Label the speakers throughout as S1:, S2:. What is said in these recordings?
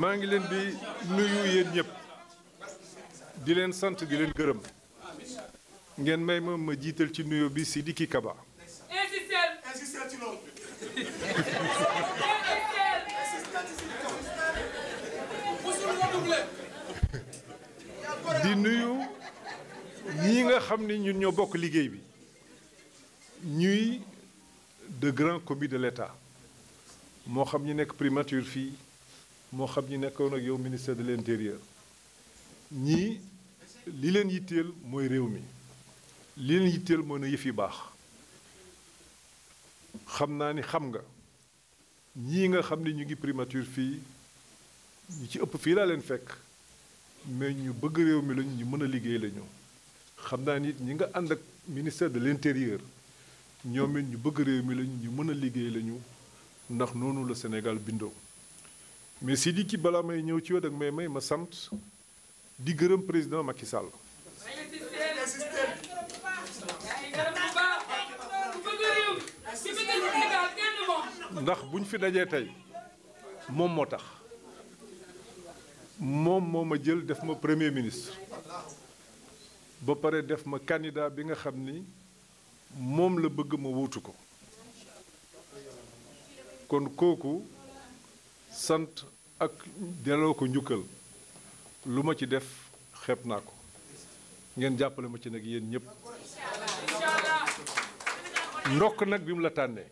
S1: maa ngi leen bi nuyu yéen ñëpp di leen sant di leen gërëm ngeen may ma ma jiital ci nuyu bi Sidiki Kaba di nuyu ñi nga xam ni ñun ñoo bokk liggéey bi ñuy de grands commis de l'État moo xam ñi nekk primature fii moo xam ñi nekkoon ak yow ministère de l'intérieur ñii li leen yitteel mooy réew mi li leen yitteel mooy na yëf yi baax xam naa ni xam nga ñii nga xam ni ñu ngi primature fii ñu ci ëpp fii laa leen fekk mais ñu bëgg réew mi lañu ñu mën a liggéey lañu xam naa nit ñi nga ànd ak ministère de l'intérieur ñoom ñu bëgg réew mi lañu ñu mën a liggéey lañu ndax noonu la senegal bindoo mais Sidiki balaa may ñëw ci yow may may ma sant di gërëm président Macky Sall. ndax bu ñu fi dajee tey moom moo tax moom moo ma jël def ma premier ministre ba pare def ma candidat bi nga xam ni. moom la bëgg ma wutu ko kon kooku sant ak delloo ko njukkal lu ma ci def xeeb naa ko ngeen jàppale ma ci nag yéen ñëpp ndokk nag bi mu la tànnee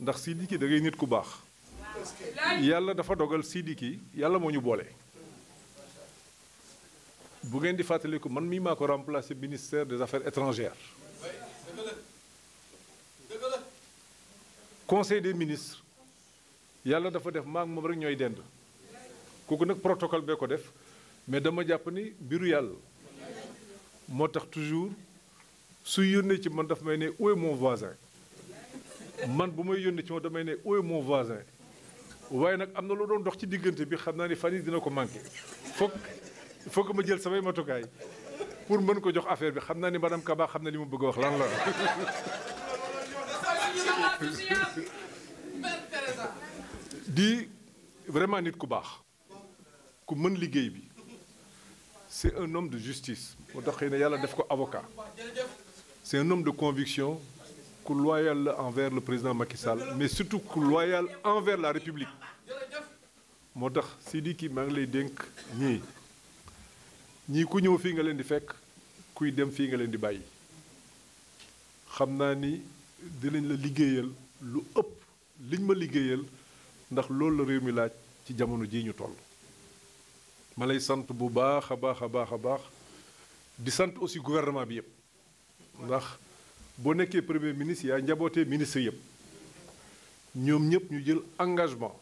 S1: ndax Sidiki da ngay nit ku baax yàlla dafa dogal Sidiki yàlla moo ñu boole bu ngeen di fàttaliku man mii maa ko remplacé ministère des affaires étrangères conseil des ministres yàlla dafa def maak moom rek ñooy dend kooku nag protocole bee ko def mais dama jàpp ni mbiru yàlla moo tax toujours su yónnee ci man dafa may ne où est mon man bu may yónnee ci moom damay ne où est mon waaye nag am na lu doon dox ci diggante bi xam naa ni fan yi dina ko manqué foog foog ma jël samay matukaay pour mën ko jox affaire bi xam naa ni madame Kaba xam na li mu bëgg a wax lan la di vraiment nit ku baax ku mën liggéey bi c'est un homme de justice moo tax xëy ne yàlla def ko avocat c'est un homme de conviction ku loyal la envers le président Macky mais surtout ku loyal envers la République moo tax Sidiki maa ngi lay dénk ñii ñii ku ñëw fii nga leen di fekk kuy dem fii nga leen di bàyyi xam naa ni dinañ la liggéeyal lu ëpp liñ ma liggéeyal ndax loolu la réew mi laaj ci jamono jii ñu toll ma lay sant bu baax a baax a baax a baax di sant aussi gouvernement bi yëpp ndax boo nekkee premier ministre yaa njabootee ministre yëpp ñoom ñëpp ñu jël engagement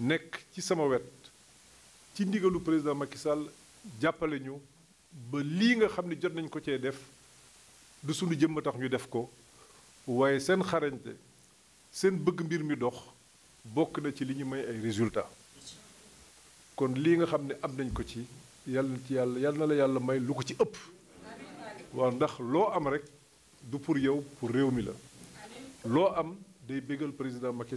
S1: nekk ci sama wet ci ndigalu président Macky Sall jàppale ñu ba lii nga xam ne jot nañ ko cee def du sunu jëmm tax ñu def ko waaye seen xarañte seen bëgg mbir mi dox bokk na ci li ñu may ay résultat kon lii nga xam ne am nañ ko ci yàlla na ci yàlla yàlla na la yàlla may lu ko ci ëpp waaw ndax loo am rek du pour yow pour réew mi la loo am day bëggal président Macky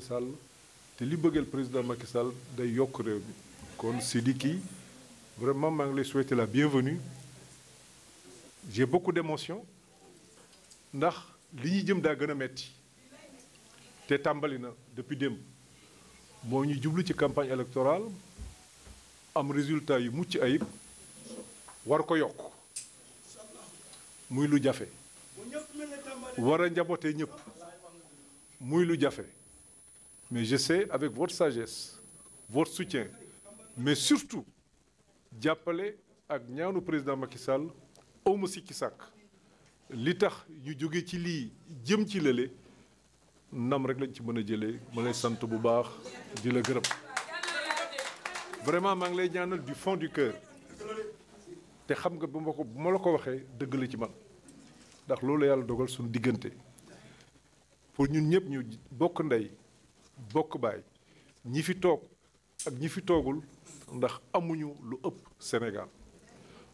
S1: te li bëggal président Macky Sall day yokk réew mi kon Sidiki vraiment maa ngi lay souhaiter la bienvenue j'ai beaucoup d'émotion ndax li ñuy jëm daa gën a metti te tàmbali na depuis démb moo ñu jublu ci campagne électorale am résultat yu mucc ayib war ko yokk muy lu jafe war njaboote ñëpp muy lu jafe mais je sais avec votre sagesse votre soutien mais surtout jàppale ak ñaanu président Macky Sall awma sikki sàkk li tax ñu jóge ci lii jëm ci lële ndam rek lañ ci mën a jëlee ma lay sant bu baax di gërëm vraiment maa ngi lay ñaanal du fond du cœur te xam nga bu ma ko bu ma la ko waxee dëgg la ci man ndax loolu yàlla dogal suñu diggante pour ñun ñëpp ñu bokk ndey bokk baay ñi fi toog ak ñi fi toogul ndax amuñu lu ëpp Sénégal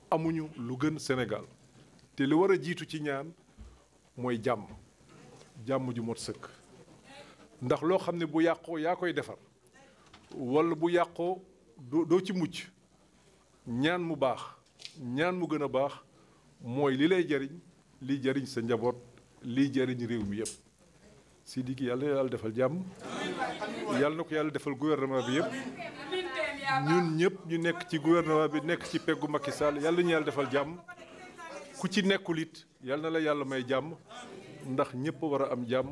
S1: amuñu lu gën Sénégal te li war a jiitu ci ñaan mooy jàmm jàmm ju mot sëkk ndax loo xam ne bu yàqoo yaa koy defar walla bu yàqoo doo ci mucc ñaan mu baax ñaan mu gën a baax mooy li lay jariñ li jariñ sa njaboot li jariñ réew mi yëpp Sidiki yàlla na yàlla defal jàmm yàlla na ko yàlla defal gouvernement bi yëpp ñun ñëpp ñu nekk ci gouvernement bi nekk ci peggu Macky Sall yàlla ñu yàlla defal jàmm ku ci nekkul it yal na la yàlla may jàmm ndax ñëpp war a am jàmm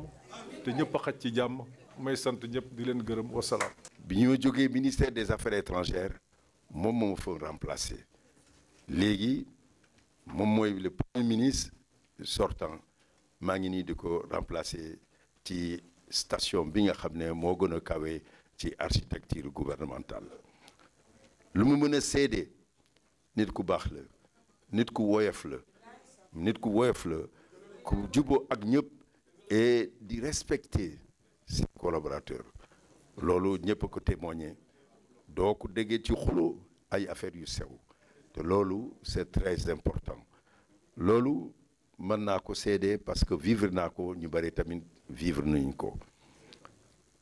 S1: te ñëpp a xaj ci jàmm may sant
S2: ñëpp di leen gërëm wasalaam. bi ñu ma jógee ministère des affaires étrangères moom moo ma fa remplacé léegi moom mooy le premier ministre sortant maa ngi nii di ko remplacer ci station bi nga xam ne moo gën a kawe ci architecture gouvernementale lu mu mën a seede nit ku baax la nit ku woyof la. nit ku woyof la ku juboo ak ñëpp et di respecter ses collaborateurs loolu ñëpp a ko témoigner doo ko déggee ci xuloo ay affaires yu sew te loolu c'est très important loolu mën naa ko seede parce que vivre naa ko ñu bari tamit vivre nañu ko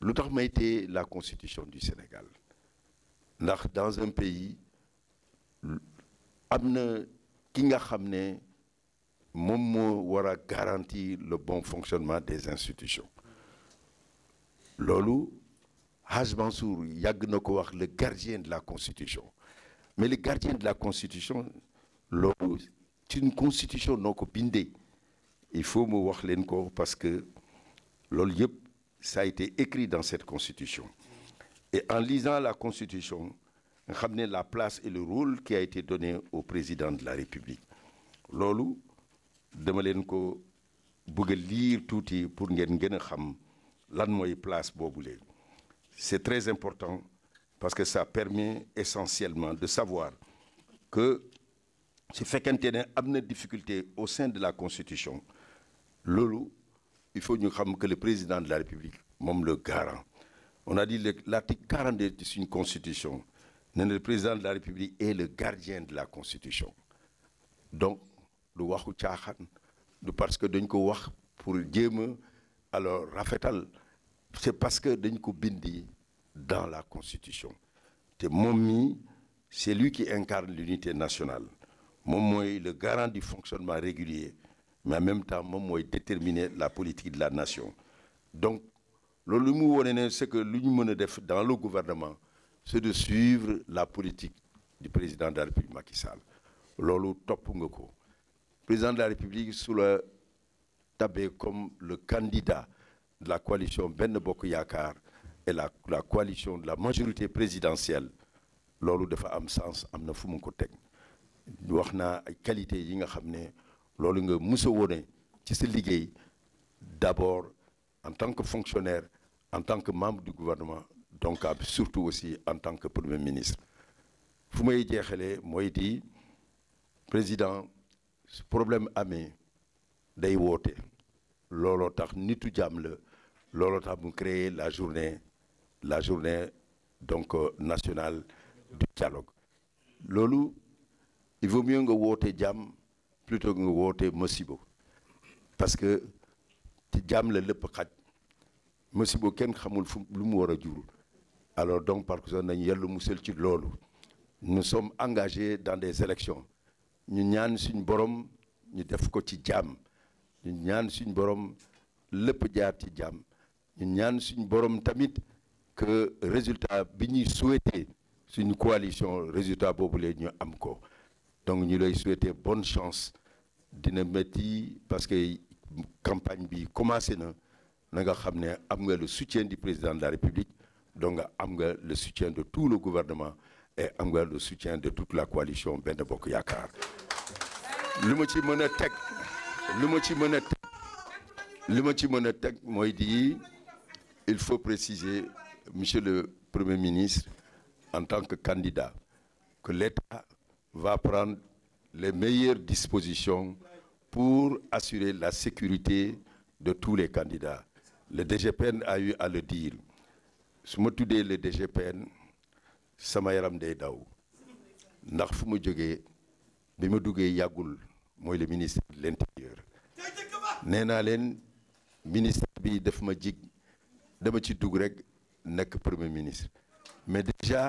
S2: lu tax may téye la constitution du Sénégal ndax dans un pays am na ki nga xam ne moom moo war a garantir le bon fonctionnement des institutions loolu Hadj Mansour yàgg na ko wax le gardien de la constitution mais le gardien de la constitution loolu ci constitution noo ko bindee il faut mu wax leen ko parce que loolu yëpp ça a été écrit dans cette constitution et en lisant la constitution nga xam ne la place et le rôle qui a été donné au président de la république loolu dama leen ko bëgg a liir tuuti pour ngeen gën a xam lan mooy place boobule c'est très important parce que ça permet essentiellement de savoir que si fekkente ne am na difficulté au sein de la constitution loolu il faut ñu xam que le président de la république moom le garant on a dit l'article 42 de suñu constitution ne le président de la république et le gardien de la constitution donc du waxu caaxaan du parce que dañ ko wax pour jéem a alors rafetal c'est parce que dañ ko bindi dans la constitution te moom mi c'est lui qui incarne l'unité nationale moom mooy le garant du fonctionnement régulier mais en même temps moom mooy déterminer la politique de la nation donc loolu mu wone ne c'est que lu ñu mën a def dans le gouvernement c'est de suivre la politique du président de la République Macky loolu topp nga ko président de la République sous le tabé comme le candidat de la coalition benn Bokk Yaakaar et la la coalition de la majorité présidentielle loolu dafa am sens am na fu mu ko teg wax naa ay qualité yi nga xam ne loolu nga mus wone ci sa liggéey d'abord en tant que fonctionnaire en tant que membre du gouvernement donc surtout aussi en tant que premier ministre fu may jeexalee mooy di président su problème amee day woote looloo tax nitu jàmm la looloo tax mu créer la journée la journée donc euh, national du dialogue loolu il vaut mieux nga woote jàmm plutôt que nga woote masibo parce que te jàmm la lépp xaj masibo kenn xamul fu lu mu war a jur alors donc par que nañu yàlla musal ci loolu nu sommes engagés dans des élections ñu ñaan suñ borom ñu def ko ci jàmm ñu ñaan suñ borom lépp jaar ci jàmm ñu ñaan suñ borom tamit que résultat bi ñuy souhaité suñ coalition résultat boobu lee ñu am ko donc ñu lay souhaité bonne chance dina métti parce que campagne bi commencé na na nga xam ne am nga le soutien du président de la république donc nga am nga le soutien de tout le gouvernement et am nga le soutien de toute la coalition Benno Bokk Yaakaar lu ma ci mën a teg lu ma ci mën a ma ci mën a teg mooy di il faut préciser monsieur le premier ministre en tant que candidat que l'État va prendre les meilleures dispositions pour assurer la sécurité de tous les candidats le DGPN a eu à le dire su ma tuddee le DGPN sama yaram day daw ndax fu ma jógee bi ma duggee yàggul mooy le ministre de l'intérieur nee naa leen ministre bi daf ma jig dama ci dugg rek nekk premier ministre mais déjà